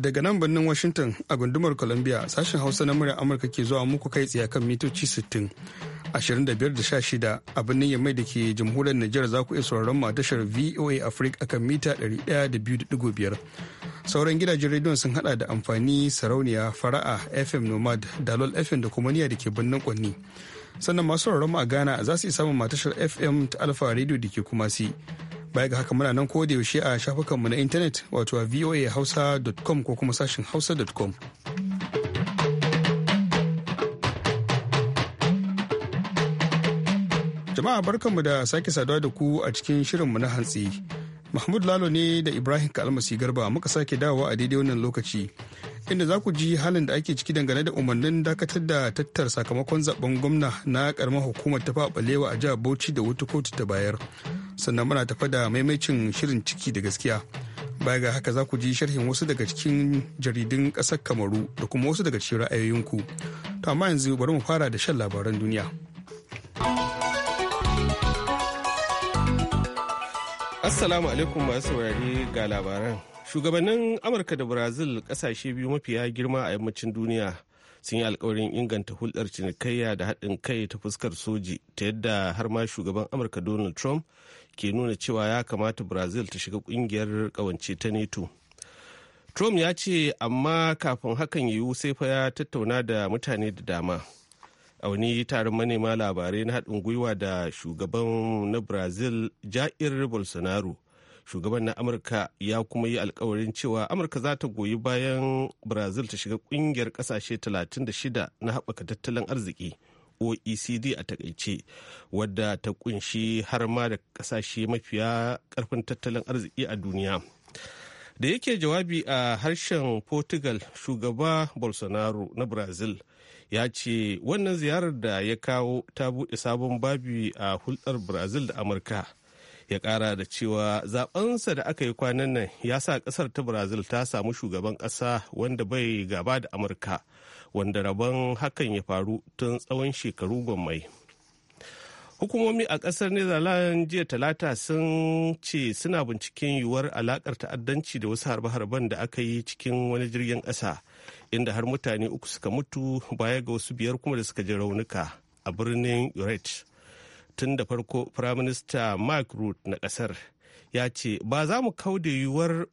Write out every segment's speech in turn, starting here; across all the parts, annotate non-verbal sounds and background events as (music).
daga nan birnin washington a gundumar columbia sashen hausa na murya amurka ke zuwa muku kai tsaye kan mitoci 60 25 a birnin yamai da ke jamhuriyar niger za ku iya sauraron mu a tashar voa africa akan mita 102.5 sauran gidajen rediyon sun hada da amfani sarauniya fara'a fm nomad dalol fm da kuma niya da ke birnin kwanni sannan masu sauraron mu a ghana za su iya samun matashar fm ta alfa rediyo da ke kumasi baya ga haka muna nan ko da yaushe a shafukanmu na intanet wato a voahausa.com ko kuma sashin hausa.com jama'a barkanmu da sake saduwa da ku a cikin shirinmu na hantsi mahmud lalo ne da ibrahim kalmasi garba muka sake dawowa a daidai wannan lokaci inda za ku ji halin da ake ciki dangane da umarnin dakatar da tattar sakamakon zaben gwamna na karamar hukumar ta faɓalewa a jihar bauchi da wata kotu ta bayar sannan muna tafa da maimacin shirin ciki da gaskiya baya ga haka za ku ji sharhin wasu daga cikin jaridun kasar kamaru da kuma wasu daga cikin ra'ayoyinku to amma yanzu bari mu fara da shan labaran duniya assalamu alaikum masu saurari ga labaran shugabannin amurka da brazil kasashe biyu mafiya girma a yammacin duniya sun yi alkawarin inganta hulɗar cinikayya da haɗin kai ta fuskar soji ta yadda har ma shugaban amurka donald trump ke nuna cewa ya kamata brazil ta shiga kungiyar kawance ta neto trump ya ce amma kafin hakan yiwu sai fa ya tattauna da mutane da dama a wani taron manema labarai na haɗin gwiwa da shugaban na brazil jair bolsonaro shugaban na amurka ya kuma yi alkawarin cewa amurka za ta goyi bayan brazil ta shiga kungiyar ƙasashe 36 na haɓaka tattalin arziki oecd a takaice wadda ta kunshi har ma da kasashe mafiya karfin tattalin arziki a duniya da yake jawabi a harshen portugal shugaba bolsonaro na brazil ya ce wannan ziyarar da ya kawo ta buɗe sabon babi a hulɗar brazil da amurka ya ƙara da cewa zaɓensa da aka yi kwanan nan ya sa kasar ta brazil ta samu shugaban ƙasa wanda bai gaba da amurka wanda rabon hakan ya faru tun tsawon shekaru gwammai. hukumomi a kasar netherlands jiya talata sun ce suna binciken yiwuwar alakar ta'addanci da wasu harbe-harben da aka yi cikin wani jirgin ƙasa inda har mutane uku suka mutu baya ga wasu biyar kuma da suka ji raunuka a birnin uret tun da farko firaminista mark root na kasar. ya ce ba za mu da yiwuwar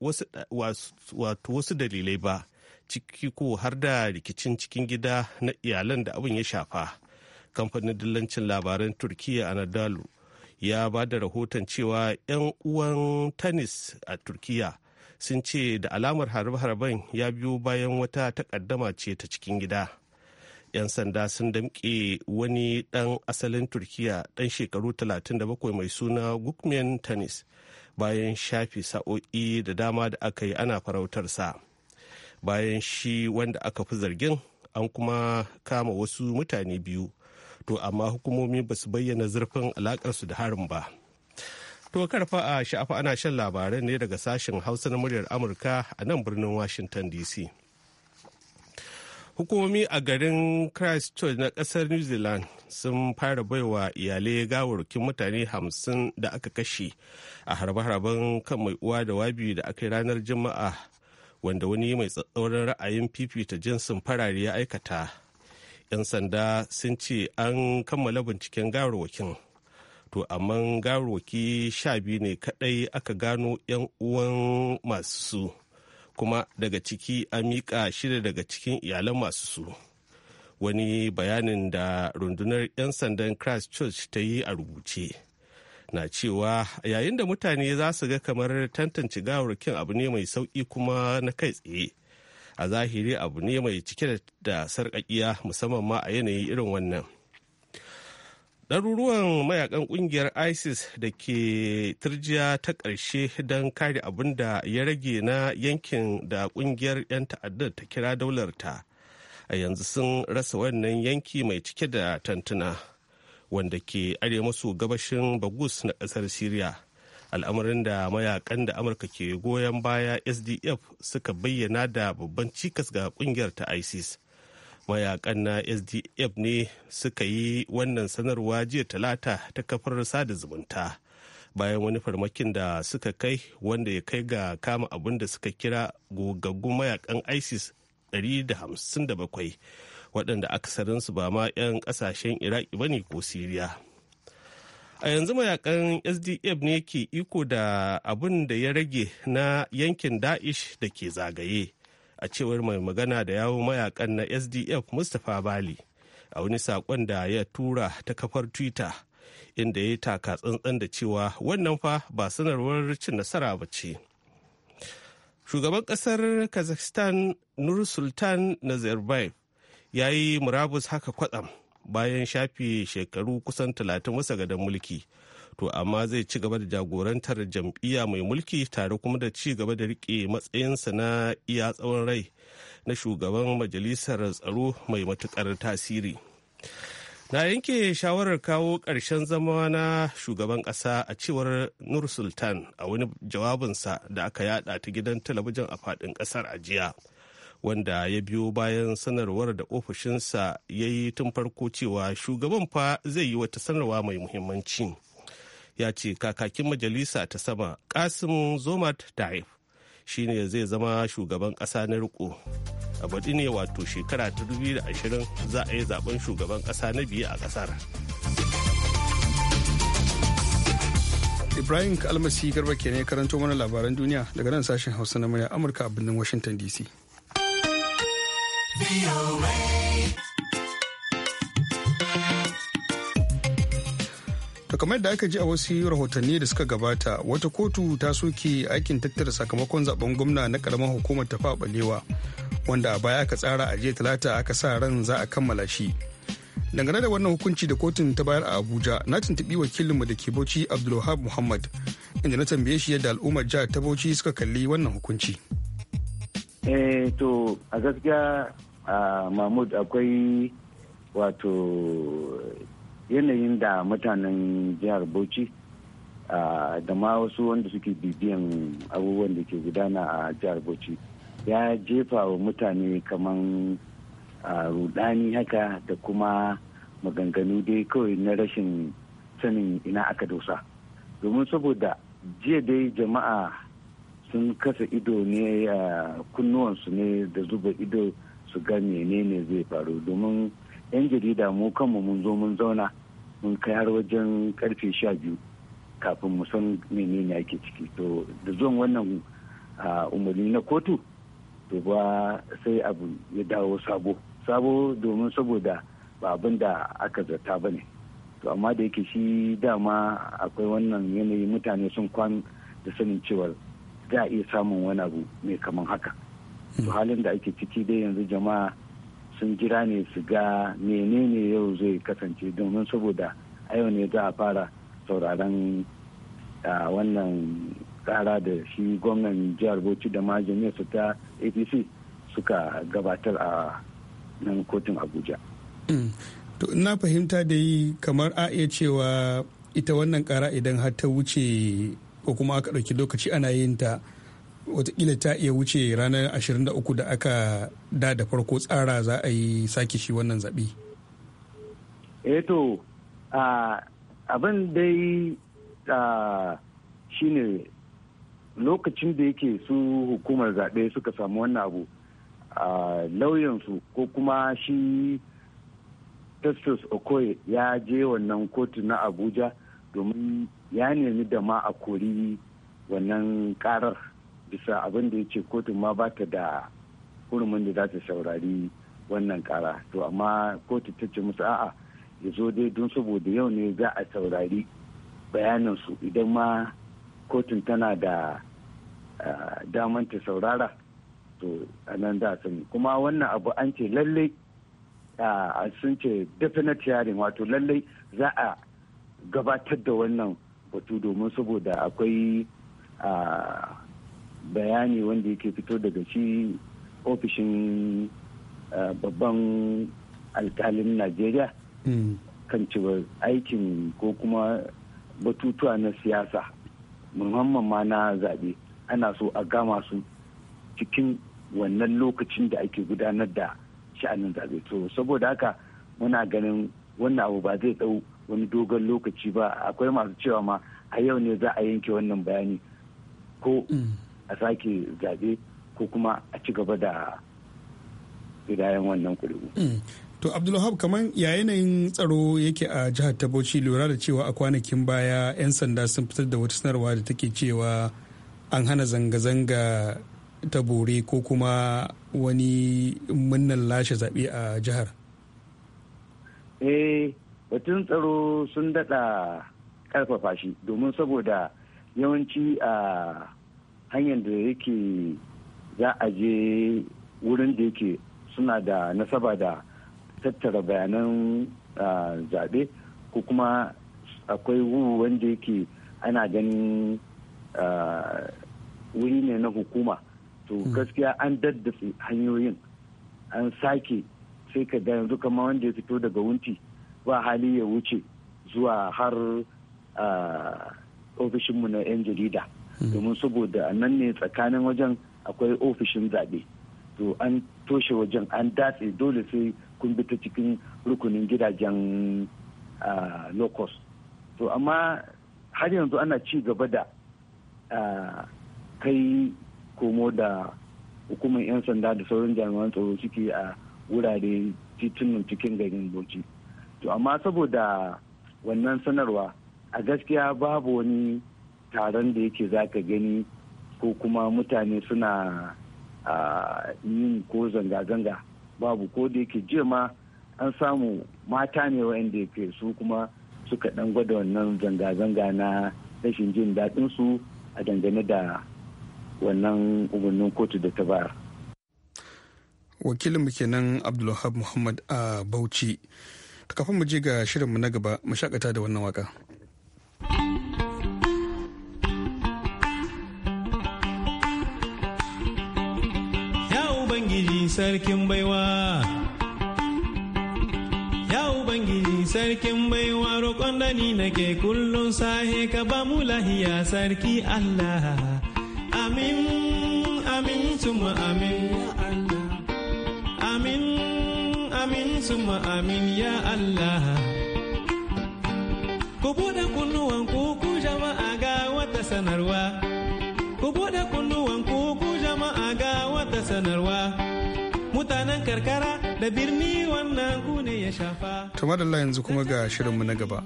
wasu dalilai ba ciki ko har da rikicin cikin gida na iyalan da abin ya shafa kamfanin dillancin labaran turkiya nadalu ya ba da rahoton cewa 'yan uwan tanis a turkiya sun ce da alamar harbe-harben ya biyo bayan wata takaddama ce ta cikin gida 'yan sanda sun damƙe wani ɗan asalin turkiya ɗan shekaru 37 mai suna gukmen tennis bayan shafi sa'o'i da dama da aka yi ana farautarsa bayan shi wanda aka fi zargin an kuma kama wasu mutane biyu to amma hukumomi ba su bayyana zurfin alakarsu da harin ba to karfa a sha'afa ana shan labaran ne daga sashen hausa na muryar amurka a nan birnin washington dc hukumomi a garin christchurch na kasar new zealand sun fara baiwa iyalai gawarkin mutane hamsin da aka kashe a harbe-harben kan mai uwa da wabi da aka yi ranar juma'a wanda wani mai tsatsauran ra'ayin fifita jinsin farare ya aikata 'yan sanda sun ce an kammala binciken gawarwakin to amma gawarwaki sha biyu ne kadai aka gano 'yan uwan masu su kuma daga ciki a miƙa shida daga cikin iyalan masu su wani bayanin da rundunar 'yan sandan christchurch ta yi a rubuce na cewa yayin da mutane za su ga kamar tantance gawarkin abu ne mai sauƙi kuma na kai tsaye a zahiri abu ne mai cike da sarƙaƙiya musamman ma a yanayi irin wannan ɗaruruwan mayakan ƙungiyar isis da ke turjiya ta ƙarshe don kare abin da ya rage na yankin da ƙungiyar 'yan ta'addar ta kira daular ta a yanzu sun rasa wannan yanki mai cike da tantuna. wanda ke arewa maso gabashin bagus na ƙasar syria al'amarin da mayakan da amurka ke goyon baya sdf suka bayyana da babban cikas ga kungiyar ta isis mayakan na sdf ne suka yi wannan sanarwa jiya talata ta kafar sada zumunta bayan wani farmakin da suka kai wanda ya kai ga kama abin da suka kira gogaggun mayakan isis 157 waɗanda akasarinsu ba ma 'yan ƙasashen iraki ba ne ko siriya a yanzu mayakan sdf ne ke iko da abin da ya rage na yankin da'ish da ke zagaye a cewar mai magana da yawon mayakan na sdf mustapha bali a wani saƙon da ya tura ta kafar twitter inda ya taka tsantsan da cewa wannan fa ba sanarwar cin nasara ba ce shugaban ƙasar kazakhstan nur sultan nazarbayev ya yi murabus haka kwatsam bayan shafe shekaru kusan talatin wasa gadon mulki to amma zai ci gaba da jagorantar jam'iyya mai mulki tare kuma da ci gaba da rike matsayinsa na iya tsawon rai na shugaban majalisar tsaro mai matukar tasiri na yanke shawarar kawo ƙarshen zama na shugaban ƙasa a cewar nur sultan a wani jawabinsa da aka yada ta gidan talabijin a faɗin ƙasar a jiya. wanda ya biyo bayan sanarwar da ofishinsa ya yi tun farko cewa shugaban fa zai yi wata sanarwa mai muhimmanci ya ce kakakin majalisa ta sama kasim zomat taif shine zai zama shugaban ƙasa na riko a baɗi ne wato shekara ta 2020 za a yi zaben shugaban ƙasa na biyu a ƙasar ibrahim kalmasi garba ke ne karanto mana labaran duniya daga nan sashen hausa na murya amurka a birnin washington dc To kamar da aka ji a wasu rahotanni da suka gabata wata kotu ta soke aikin tattara sakamakon zaben gwamna na karamar hukumar tafa balewa wanda a baya aka tsara a jiya talata aka sa ran za a kammala shi. Dangane da wannan hukunci da kotun ta bayar a Abuja na tuntuɓi wakilinmu da ke Bauchi Abdulwahab Muhammad inda na tambaye shi yadda al'ummar jihar ta Bauchi suka kalli wannan hukunci. Eh to a gaskiya mahmud akwai wato yanayin da mutanen jihar bauchi da ma wasu wanda suke bibiyan abubuwan da ke gudana a jihar bauchi ya jefa wa mutane kaman rudani haka da kuma maganganu dai kawai na rashin sanin ina aka dosa domin saboda jiya dai jama'a sun kasa ido ne kunnuwansu ne da zuba ido su ga menene zai faru domin yan jarida mu kanmu mun zo mun zauna mun kai har wajen karfe sha biyu kafin mu san menene ake ciki to da zuwan wannan umarni na kotu to ba sai abu ya dawo sabo sabo domin saboda ba abin da aka zata ba ne to amma da yake shi dama akwai wannan yanayi mutane sun kwan da sanin cewa za a iya samun wani abu mai kaman haka to halin da ake ciki dai yanzu jama'a sun jira ne su ga menene yau zai kasance domin saboda a yau ne za a fara sauraren wannan tsara da shi gwamnan jihar bauchi da su ta apc suka gabatar a nan kotun abuja mm. to ina fahimta da yi kamar a iya cewa ita wannan kara idan har ta wuce ko kuma aka ɗauki lokaci ana yin ta watakila ta iya wuce ranar 23 da aka da da farko tsara za a yi sake shi wannan zaɓe. eto eh abin dai shine lokacin da yake su hukumar zaɓe suka samu wannan abu lauyansu ko kuma shi testus Okoye ya je wannan kotu na Abuja domin ya nemi da ma a kori wannan karar bisa abin da ya ce kotun ma ba ta da hurumin da za ta saurari wannan kara to amma kotu ta ce musu a'a ya zo dai don saboda yau ne za a saurari bayanansu idan ma kotun tana da daman ta saurara to anan da san kuma wannan abu an ce lallai sun ce definite hearing wato lallai za a gabatar da wannan batu domin saboda akwai bayani wanda yake fito daga shi ofishin babban alkalin najeriya hmm. kan cewa aikin ko kuma batutuwa na siyasa muhammad ma na zaɓe ana so a gama su cikin wannan lokacin da ake gudanar da sha'anin zaɓe to saboda haka muna ganin wannan abu ba zai ɗau wani dogon lokaci ba akwai masu cewa ma a yau ne za a yanke wannan bayani ko hmm. a sake zaɓe ko kuma a ci gaba da idayen wannan kuri'u. Hmm. To Abdulwahab kamar ya yanayin tsaro yake a jihar ta Bauchi lura da cewa a kwanakin baya 'yan sanda sun fitar da wata sanarwa da take cewa an hana zanga-zanga ta bore ko kuma wani munnan lashe zaɓe a jihar. Eh, batun tsaro sun daɗa ƙarfafa shi domin saboda yawanci a hanyar da yake za a je wurin da yake suna da nasaba da tattara bayanan zaɓe ko kuma akwai wuri wanda yake ana ganin wuri ne na hukuma to hmm. gaskiya an daddafe hanyoyin an sake sai ka da yanzu kama wanda ya fito daga wunti ba hali ya wuce zuwa har ofishinmu na 'yan jarida domin saboda a nan ne tsakanin wajen akwai ofishin zaɓe to an toshe wajen an datse dole sai kun bi ta cikin rukunin gidajen locus to amma har yanzu ana ci gaba da kai komo da hukumar 'yan sanda da sauran jami'an tsaro suke a wurare titunan cikin garin bauchi to amma saboda wannan sanarwa a gaskiya babu wani taron da yake za ka gani ko kuma mutane suna yin ko zanga-zanga babu ko da yake jiya ma an samu mata ne wa'anda ke su kuma suka dan gwada wannan zanga-zanga na rashin jin daɗin su a dangane da wannan umarnin kotu da ta bayar. wakilinmu kenan abdulwahab muhammad a bauchi ta kafin mu je ga shirinmu na gaba mu shakata da wannan waka. sarkin baiwa. Ya Ubangiji sarkin baiwa roƙon da ni nake kullum sahe ka ba mu lahiya sarki Allah. Amin, amin, suma amin, Allah. Amin, amin, suma amin, ya Allah. Ku buɗe kunnuwan ku ku jama'a ga wata sanarwa. Ku buɗe kunnuwan ku ku jama'a ga wata sanarwa. mutanen karkara da birni wannan ku ne ya shafa. To madalla yanzu kuma ga shirinmu na gaba.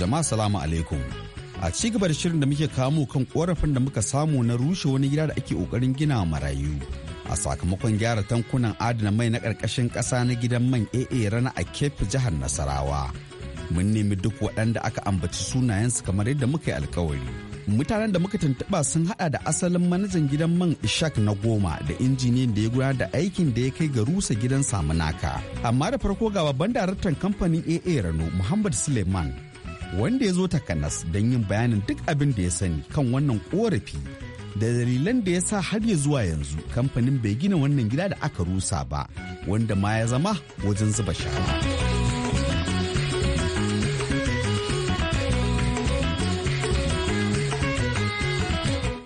jama'a salamu alaikum a ci gaba da shirin da muke kamo kan korafin da muka samu na rushe wani gida da ake ƙoƙarin gina marayu a sakamakon gyara tankunan adana mai na ƙarƙashin ƙasa na gidan man AA rana a kefi jihar Nasarawa. Mun nemi duk waɗanda aka ambaci sunayensu kamar yadda muka yi alkawari. Mutanen da muka tuntuɓa sun haɗa da asalin manajan gidan man Ishak na goma da injiniyan da ya gudanar da aikin da ya kai ga rusa gidan Samunaka. Amma da farko ga babban daraktan kamfanin AA Rano Muhammad Suleiman wanda ya zo takanas don yin bayanin duk abin da ya sani kan wannan korafi da dalilan da ya sa har ya zuwa yanzu kamfanin bai gina wannan gida da aka rusa ba wanda ma ya zama wajen zuba shara.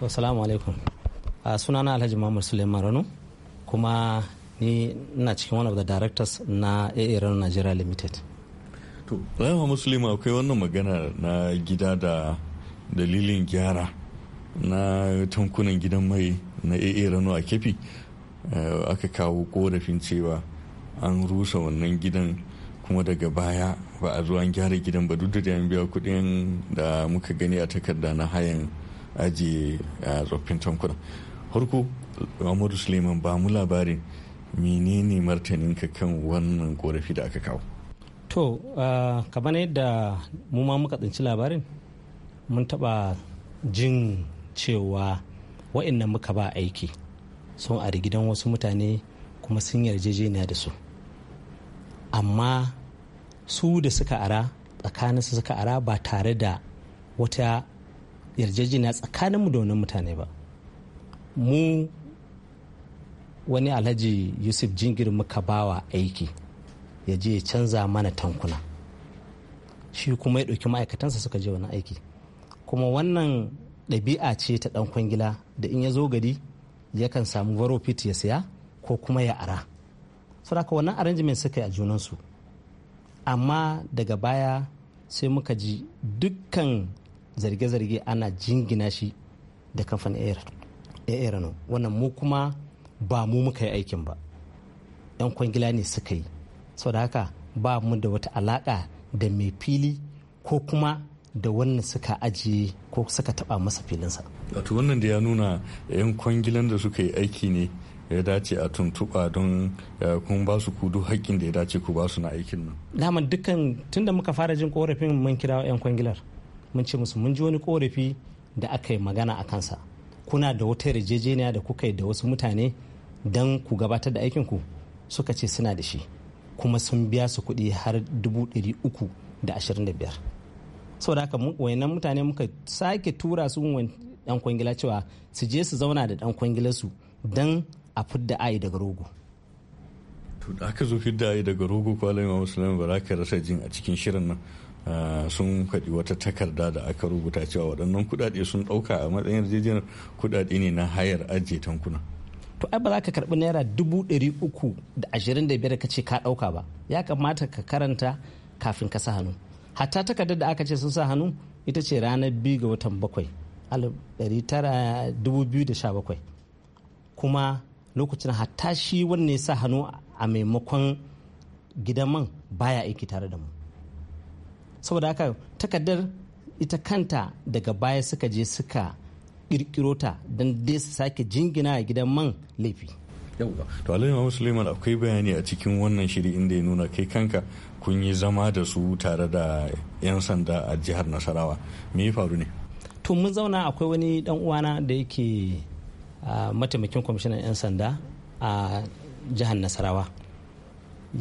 Assalamu alaikum. A ah, sunana Alhaji Muhammad Suleiman Rano kuma ni na cikin one of the directors na AA Rano Nigeria Limited. To, Muslima akwai wannan magana na gida da dalilin gyara. na tankunan gidan mai na AA Rano a kefi eh, aka kawo korafin cewa an rusa wannan gidan kuma daga baya ba a zo an gyara gidan ba duk da an biya kuɗin da muka gani a takarda na hayan ajiye a eh, tsoffin tankunan harko amadu suleiman ba mu labarin menene ka kan wannan korafi da aka kawo to eh, kamar yadda mu ma muka tsinci labarin mun taɓa jin cewa wa'annan muka ba aiki sun a gidan wasu mutane kuma sun yarjejeniya da su amma su da suka ara tsakanin su suka ara ba tare da wata yarjejeniya tsakaninmu da wani mutane ba mu wani alhaji yusuf jingir muka bawa aiki ya je ya canza mana tankuna shi kuma ya ɗauki ma'aikatansa suka je wani aiki kuma wannan ɗabi'a ce ta ɗan kwangila da in ya zo gari yakan samu varofit ya siya ko kuma ya ara saboda wannan arrangement suka yi a junansu amma daga baya sai muka ji dukkan zarge-zarge ana jingina shi da kamfanin no wannan mu kuma ba mu muka yi aikin ba 'yan kwangila ne suka yi saboda haka ba mu da wata alaƙa da mai fili ko kuma da wannan suka aji ko suka taba masa filinsa. wato wannan da ya nuna yan kwangilan da suka yi aiki ne ya dace a tuntuɓa don eh, kun ba su kudu haƙƙin da ya dace ku ba su na aikin nan. daman dukkan da muka fara jin korafin mun kira yan kwangilar mun ce musu mun ji wani korafi da aka yi magana a kansa kuna da wata yarjejeniya da kuka yi da wasu mutane don ku gabatar da aikin ku suka ce suna da shi kuma sun biya su kuɗi har dubu ɗari uku da ashirin da biyar saboda haka wayannan mutane muka sake tura su dan kwangila cewa su je su zauna da dan kwangila su don a fidda ayi daga rogo to da aka zo fidda ayi daga rogo kwallon ma musulman ba za ka rasa jin a cikin shirin nan ah, sun faɗi wata takarda da aka rubuta cewa waɗannan kuɗaɗe sun ɗauka a matsayin yarjejeniyar kuɗaɗe ne na hayar ajiye tankuna to ai ba za ka karɓi naira dubu ɗari uku da ashirin da biyar ka ce ka ɗauka ba ya kamata ka karanta kafin ka sa hannu Hata takardar da aka ce sun sa hannu ita ce ranar biyu ga watan bakwai 2017 kuma lokacin hatta shi wanne sa hannu a maimakon gidan man baya aiki tare da mu saboda haka takardar ita kanta daga baya suka je suka kirkiro ta don dai su sake jingina a gidan man laifi yauwa to alaiwa musulman akwai bayani a cikin wannan shiri inda ya nuna kai kanka kun yi zama da su tare da 'yan sanda a jihar nasarawa me ya faru ne to mun zauna akwai wani dan uwana da yake mataimakin kwamishinan 'yan sanda a jihar nasarawa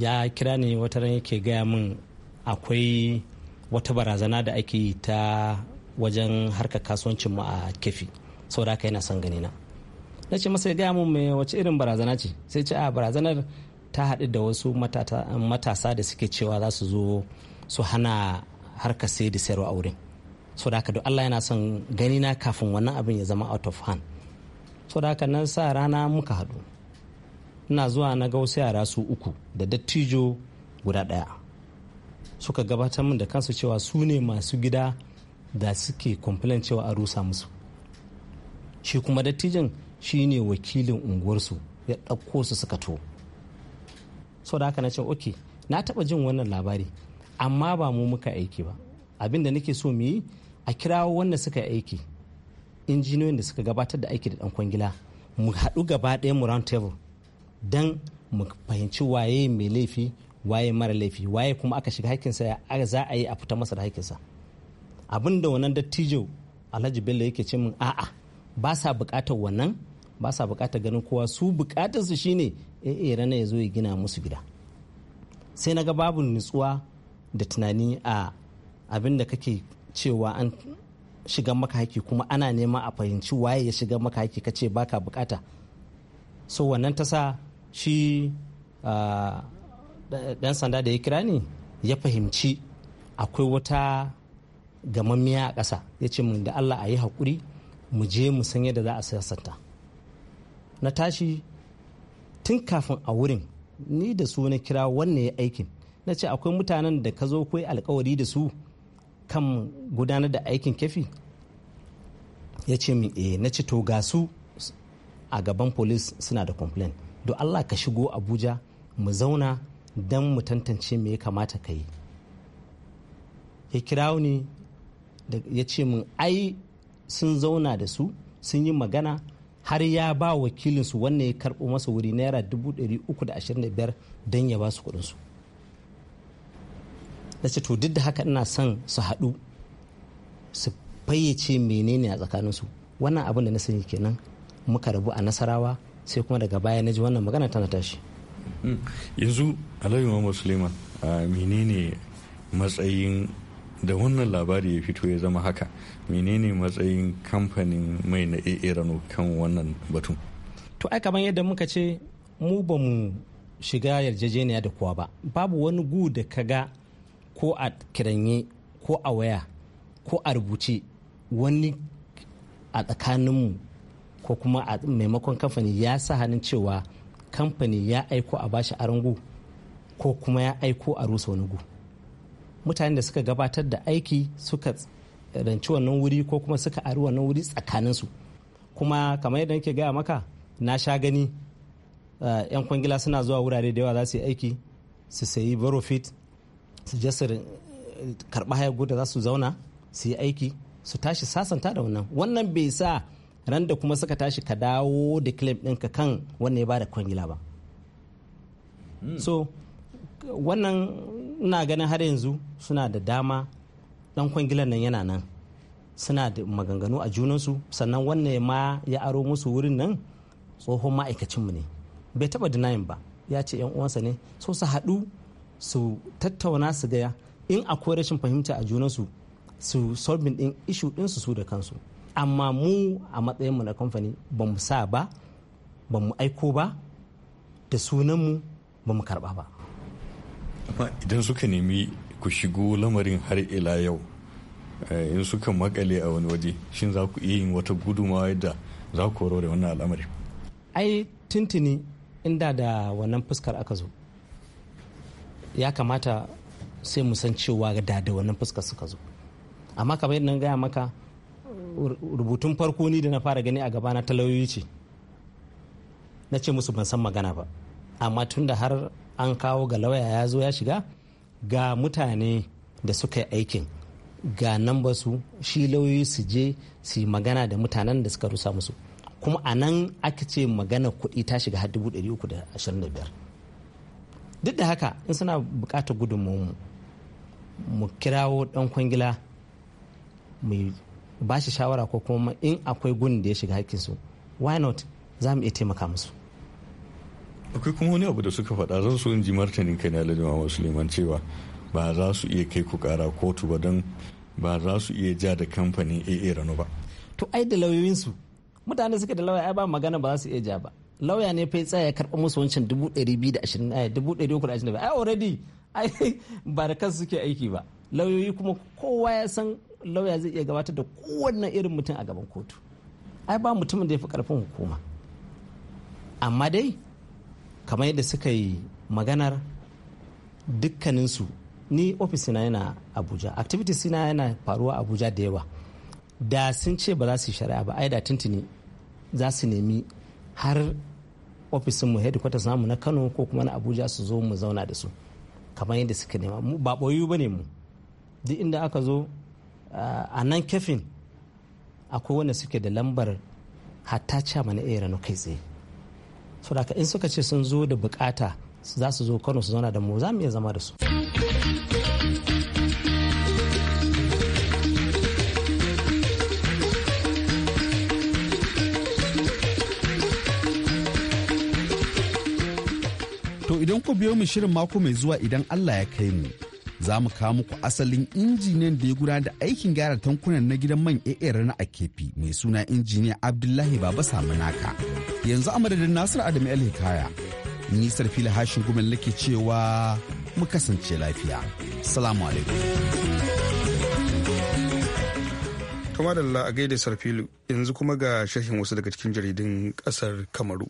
ya kira ni wata ran yake gaya min akwai wata barazana da ake yi ta wajen harkar kasuwancinmu a kefi saboda haka yana son ganina na ce masa ya gaya min mai wace irin barazana ce sai ce a barazanar ta haɗu da wasu matasa da suke cewa za su zo su hana harka sai da sayarwa wurin so da haka Allah yana son gani na kafin wannan abin ya zama out of hand so da haka nan sa rana muka haɗu ina zuwa na ga wasu yara su uku da dattijo guda ɗaya suka gabatar min da kansu cewa su ne masu gida da suke complain cewa a rusa musu shi kuma dattijin shi ne wakilin unguwarsu ya ɗauko su suka to da haka na ce ok na taba jin wannan labari amma ba mu muka aiki ba abin da nake so mu yi a kirawo wanda suka aiki injiniyoyin da suka gabatar da aiki da dan kwangila mu haɗu gaba ɗaya mu round table don mu fahimci waye mai laifi waye mara laifi waye kuma aka shiga haƙƙinsa za a yi a fita masa da haƙƙinsa abin da wannan dattijo alhaji bello yake ce min a'a ba sa buƙatar wannan ba sa bukatar ganin kowa su bukatar su shine eh, eh rana ya zo ya gina musu gida sai na ga babu nutsuwa da tunani a abin da kake cewa an shiga maka haki kuma ana neman a fahimci waye ya shiga maka haki kace baka bukata so wannan ta sa shi dan ah, sanda da ya kira ni ya fahimci akwai wata gamammiya a ƙasa ya ce min da allah a yi haƙuri mu je mu san yadda za a sassanta. na tashi tun kafin a wurin ni da su na kira wannan ya aikin na ce akwai mutanen da ka zo kai alkawari da su kan gudanar da aikin kafi ya ce min eh na ce to ga su a gaban polis suna da complain don allah ka shigo abuja mu zauna don mu tantance me ya kamata ka yi ya kira ni ya ce min ai sun zauna da su sun yi magana har ya ba wakilinsu wannan ya karɓo masa wuri naira 325 don ya ba su kuɗinsu na ce to duk da haka ina son su haɗu su fayyace menene a tsakaninsu wannan abin da na sani kenan muka rabu a nasarawa sai kuma daga baya na ji wannan magana tana tashi hmm. yanzu alayyuma musulman menene matsayin da wannan labari ya fito ya zama haka menene matsayin kamfanin mai na erano kan wannan batun to ai kamar yadda muka ce mu ba mu shiga yarjejeniya da kowa ba babu wani gu da ka ga ko a kiranye ko a waya ko a rubuce wani a tsakaninmu ko kuma a maimakon kamfani ya sa hannun cewa kamfani ya aiko a bashi arangu ko kuma ya aiko a rusa wani gu mutanen da suka gabatar da aiki suka ranci wannan wuri ko kuma suka ari wannan wuri tsakaninsu kuma kamar yadda nake gaya maka na sha gani eh, yan kwangila suna zuwa wurare da yawa za su yi aiki su sayi barofit su je su karɓa haya guda za su zauna su yi aiki su tashi sasanta da wannan wannan bai sa ran da kuma suka tashi ka dawo da claim ɗinka kan wannan ya bada kwangila ba hmm. so wannan na ganin har yanzu suna da dama dan kwangilan nan yana nan suna da maganganu a junansu sannan wannan ma ya aro musu wurin nan tsohon ma'aikacinmu ne bai taba denying ba ya ce yan uwansa ne so su haɗu su tattauna su gaya in akwai rashin fahimta a junansu su solving din ishu din su da kansu amma mu a matsayinmu na kamfani ba mu sa ba ba mu aiko ba da sunan sunanmu ba mu karɓa ba amma idan suka nemi ku shigo lamarin har ila yau eh, in suka makale a wani waje shin za ku iya yin wata gudumawa yadda za ku horo da wannan al'amari ai tuntuni inda da wannan fuskar aka zo ya kamata sai mu san cewa da da wannan fuskar suka zo amma kamar yadda na gaya maka rubutun farko ni da na fara gani a gabana talayoyi ce na ce musu ban san magana ba amma tun da har an kawo ga lauya ya zo ya shiga ga mutane da suka yi aikin ga nan ba su shi lauyoyi su je su yi magana da mutanen da suka rusa musu kuma a nan aka ce magana kuɗi ta shiga har biyar duk da haka in suna bukatar gudunmu mu kirawo ɗan kwangila mu ba shi shawara ko kuma in akwai gun da ya shiga hakkinsu why not za mu iya taimaka musu akwai kuma wani abu da suka faɗa zan so in ji martanin kai na alhaji muhammad suleiman cewa ba za su iya kai ku kara kotu ba don ba za su iya ja da kamfanin AA Rano ba. To ai da lauyoyinsu mutane suka da lauya ai ba magana ba za su iya ja ba. Lauya ne fai tsaya ya karɓa musu wancan dubu ɗari biyu da ashirin ɗaya eh, dubu ɗari uku da ashirin ai already ai (laughs) ba da kansu suke aiki ba. Lauyoyi kuma kowa ya san lauya zai iya gabatar da kowanne irin mutum a gaban kotu. Ai ba mutumin da ya fi ƙarfin hukuma. Amma dai kamar yadda suka yi maganar dukkaninsu ni ofisina yana abuja activities na yana faruwa abuja da yawa da sun ce ba za su yi shari'a ba da tuntuni za su nemi har ofisinmu headquarters namu na kano ko kuma na abuja su zo mu zauna da su kamar yadda suka nema ba ɓoyu ba ne mu duk inda aka zo a nan kefin akwai wanda suke da lambar hatta cama na iya kai tsaye saboda in suka ce sun zo da bukata za su zo kano su zauna da mu za mu iya zama da su To idan ku biyo mu shirin mako mai zuwa idan Allah ya kai mu za mu kawo muku asalin injiniyan da ya gudanar da aikin gyara tankunan na gidan man AR na Akefi mai suna injiniya Abdullahi Baba Samunaka. Yanzu a madadin Nasiru Adamu Alhikaya, nisar fili hashin gumin lake cewa mu kasance lafiya. Salamu alaikum. Kamar da a gaida Sarfilu yanzu kuma ga shahin wasu daga cikin jaridun kasar Kamaru.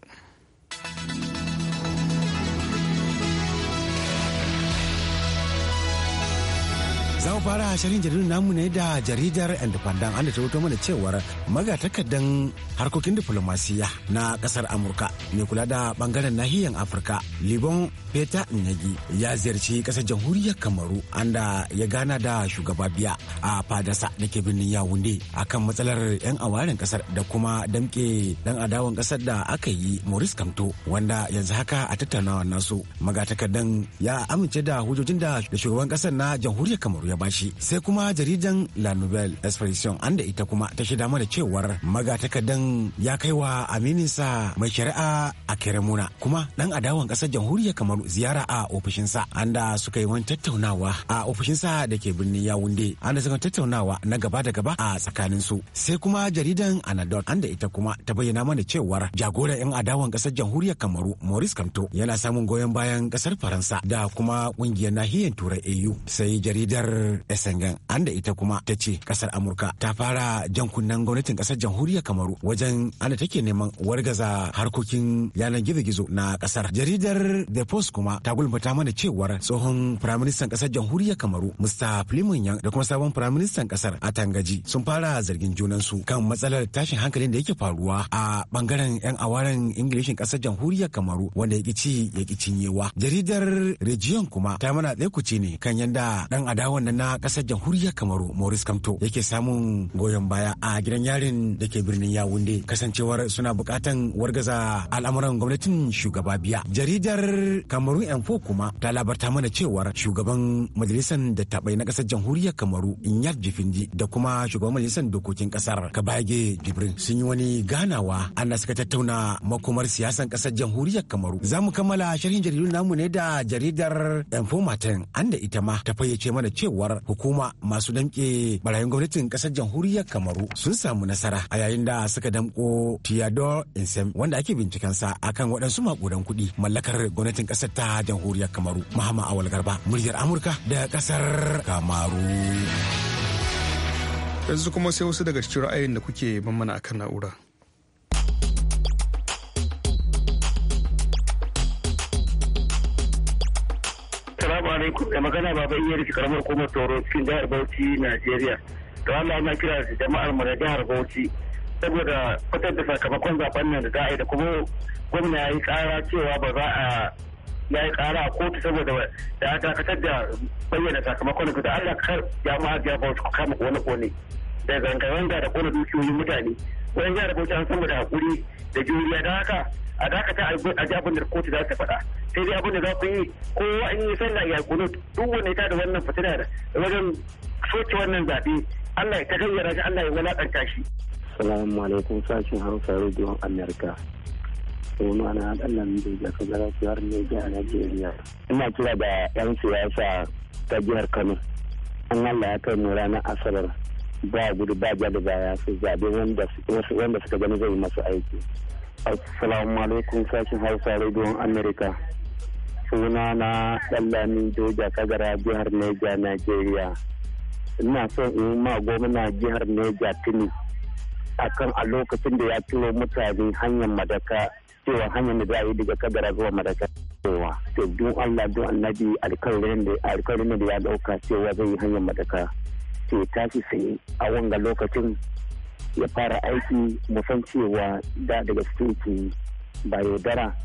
Za mu fara shirin jaridun namu ne da jaridar Independent an da ta wuto mana cewar magatakardan harkokin diplomasiya na kasar Amurka mai kula da bangaren nahiyar Afirka Libon Peter Nyagi ya ziyarci kasar jamhuriyar Kamaru an da ya gana da shugaba biya a fadasa da ke birnin Yawunde kan matsalar 'yan awarin kasar da kuma damke dan adawan kasar da aka yi Maurice Kamto wanda yanzu haka a tattaunawar nasu magatakardan ya amince da hujjojin da shugaban kasar na jamhuriyar Kamaru ya bashi sai kuma jaridan la nouvelle expression an da ita kuma ta shida mana cewar magatakardan ya kai wa amininsa mai shari'a a keremuna kuma dan adawan kasar jamhuriyar kamaru ziyara a ofishinsa an da suka yi wani tattaunawa a ofishinsa da ke birnin yawunde an da suka tattaunawa na gaba da gaba a tsakanin su sai kuma jaridan anadol an da ita kuma ta bayyana mana cewar jagoran 'yan adawan kasar jamhuriyar kamaru maurice kamto yana samun goyon bayan kasar faransa da kuma kungiyar nahiyar turai au sai jaridar kasar eh, Senegal an da ita kuma ta ce kasar Amurka ta fara jan kunnen gwamnatin kasar jamhuriyar Kamaru wajen ana take neman wargaza harkokin yanar gizo-gizo na kasar. Jaridar The Post kuma ta gulmata mana cewar tsohon firaministan kasar jamhuriyar Kamaru Mr. Filimin Yang da kuma sabon firaministan kasar Atangaji sun fara zargin junansu kan matsalar tashin hankalin da yake faruwa a bangaren 'yan awaren Ingilishin kasar jamhuriyar Kamaru wanda ya ci ya cinyewa. Jaridar Region kuma ta mana ce ne kan yadda dan adawan nan na kasar jamhuriyar kamaru maurice kamto yake samun goyon baya a gidan yarin da ke birnin yawunde kasancewar suna bukatan wargaza al'amuran gwamnatin shugaba biya jaridar kamaru enfo kuma ta labarta mana cewar shugaban majalisar da dattabai na kasar jamhuriyar kamaru inyar jifindi da kuma shugaban majalisar dokokin kasar kabage jibrin sun yi wani ganawa ana suka tattauna makomar siyasan kasar jamhuriyar kamaru za mu kammala sharhin jaridun namu ne da jaridar yanfo matan an da ita ma ta fayyace mana cewa cewar hukuma masu damƙe barayin gwamnatin ƙasar jamhuriyar kamaru sun samu nasara a yayin da suka damƙo theodore insem wanda ake sa akan waɗansu maƙudan kuɗi mallakar gwamnatin ƙasar ta jamhuriyar kamaru mahama awal garba muryar amurka da ƙasar kamaru yanzu kuma sai wasu daga cikin ra'ayin da kuke mamana akan na'ura alaikum da magana ba iya rike karamar kuma toro cikin jihar Bauchi Najeriya. Da Allah ana kira da jama'ar mu na jihar Bauchi saboda fitar da sakamakon zaben nan da za a yi da kuma gwamna ya yi kara cewa ba za a ya yi kara a kotu saboda da a dakatar da bayyana sakamakon da Allah kar jama'a jihar Bauchi ku kama kone kone da zanga-zanga da kone dukiyoyin mutane. Wani jihar Bauchi an samu da hakuri da juriya da haka a dakata a ji abin da kotu za ta faɗa sai dai abin da za ku yi ko in yi sallah ya kunu duk wanda ya da wannan fitina da wajen soke wannan zaɓe Allah ya ta gayyara shi Allah ya wulaƙanta shi. Salamu alaikum sashen Hausa Radio America. Suna na ɗannan da ya gara rafiyar ne ga nigeria Ina kira da 'yan siyasa ta jihar Kano. An Allah ya kai mu ranar Asabar ba gudu ba ja da ya su zaɓe wanda suka gani zai masu aiki. Assalamu alaikum sashen Hausa Radio Amerika. Suna na Dallami Doja Kagara jihar Neja, Najeriya. Ina son in ma gwamna jihar Neja tuni akan a lokacin da ya turo mutane hanyar madaka cewa hanyar da za a yi daga kadara zuwa madaka cewa to dun Allah don annabi alkalin da alkawarin da ya dauka cewa zai yi hanyar madaka Ke tashi sai a wanga lokacin ya fara aiki mu cewa da daga ke ba yaudara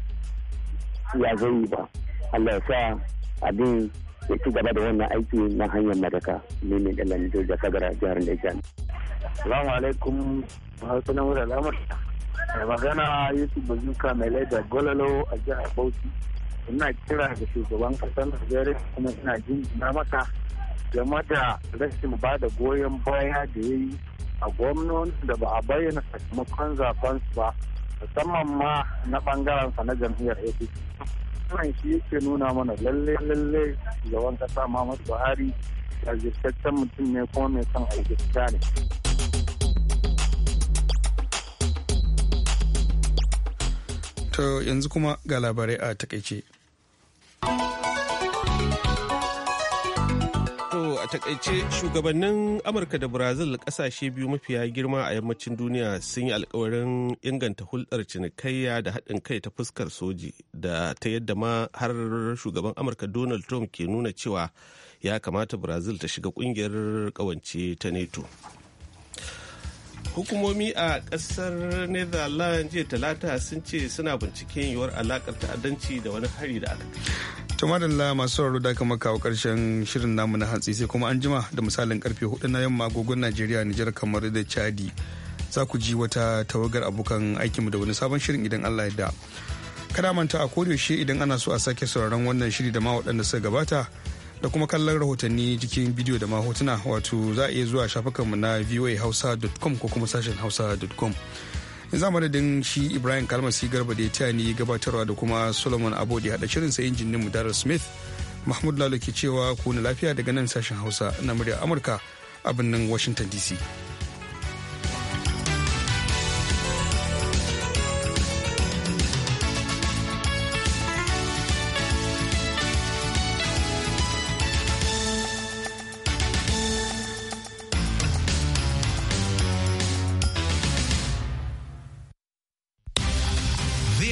ya zai ba allah sa abin ya ci gaba da wannan aiki na hanyar madaka ne da lalito da sagara jihar Nijar. Salamu alaikum hausa na wurin da magana Yusuf Bazuka mai laida Gololo a jihar Bauchi. Ina kira da shugaban kasar Najeriya kuma ina na maka game da rashin ba da goyon baya da ya yi a gwamnonin da ba a bayyana sakamakon zaben su ba musamman ma na bangaren sa na jam'iyyar APC. Wannan shi yake nuna mana lalle lalle gaban ma masu Buhari jajirtaccen mutum ne kuma mai son aikata ne. To yanzu kuma ga labarai a takaice. a takaice shugabannin Amurka da Brazil kasashe biyu mafiya girma a yammacin duniya sun yi alkawarin inganta hulɗar cinikayya da haɗin kai ta fuskar soji da ta yadda ma har shugaban Amurka Donald Trump ke nuna cewa ya kamata Brazil ta shiga ƙungiyar ƙawance ta NATO. hukumomi a kasar netherlands jiya talata sun ce suna binciken yiwuwar alakar ta'addanci da wani hari da aka to madalla masu sauraro da aka makawa karshen shirin namu na hantsi sai kuma an jima da misalin karfe hudu na yamma agogon najeriya nijar kamar da chadi za ku ji wata tawagar abokan aikinmu da wani sabon shirin idan allah ya da kada manta a kodayaushe idan ana so a sake sauraron wannan shiri da ma waɗanda suka gabata da kuma kallon rahotanni cikin bidiyo da ma hotuna wato za a iya zuwa shafukanmu na voahausa.com ko kuma sashen hausa.com za mu madadin shi ibrahim kalmasi garba da ya taya ni gabatarwa da kuma solomon abu da haɗa shirin sai injin mu darar smith mahmud lalo ke cewa ku na lafiya daga nan sashen hausa na murya amurka a birnin washington dc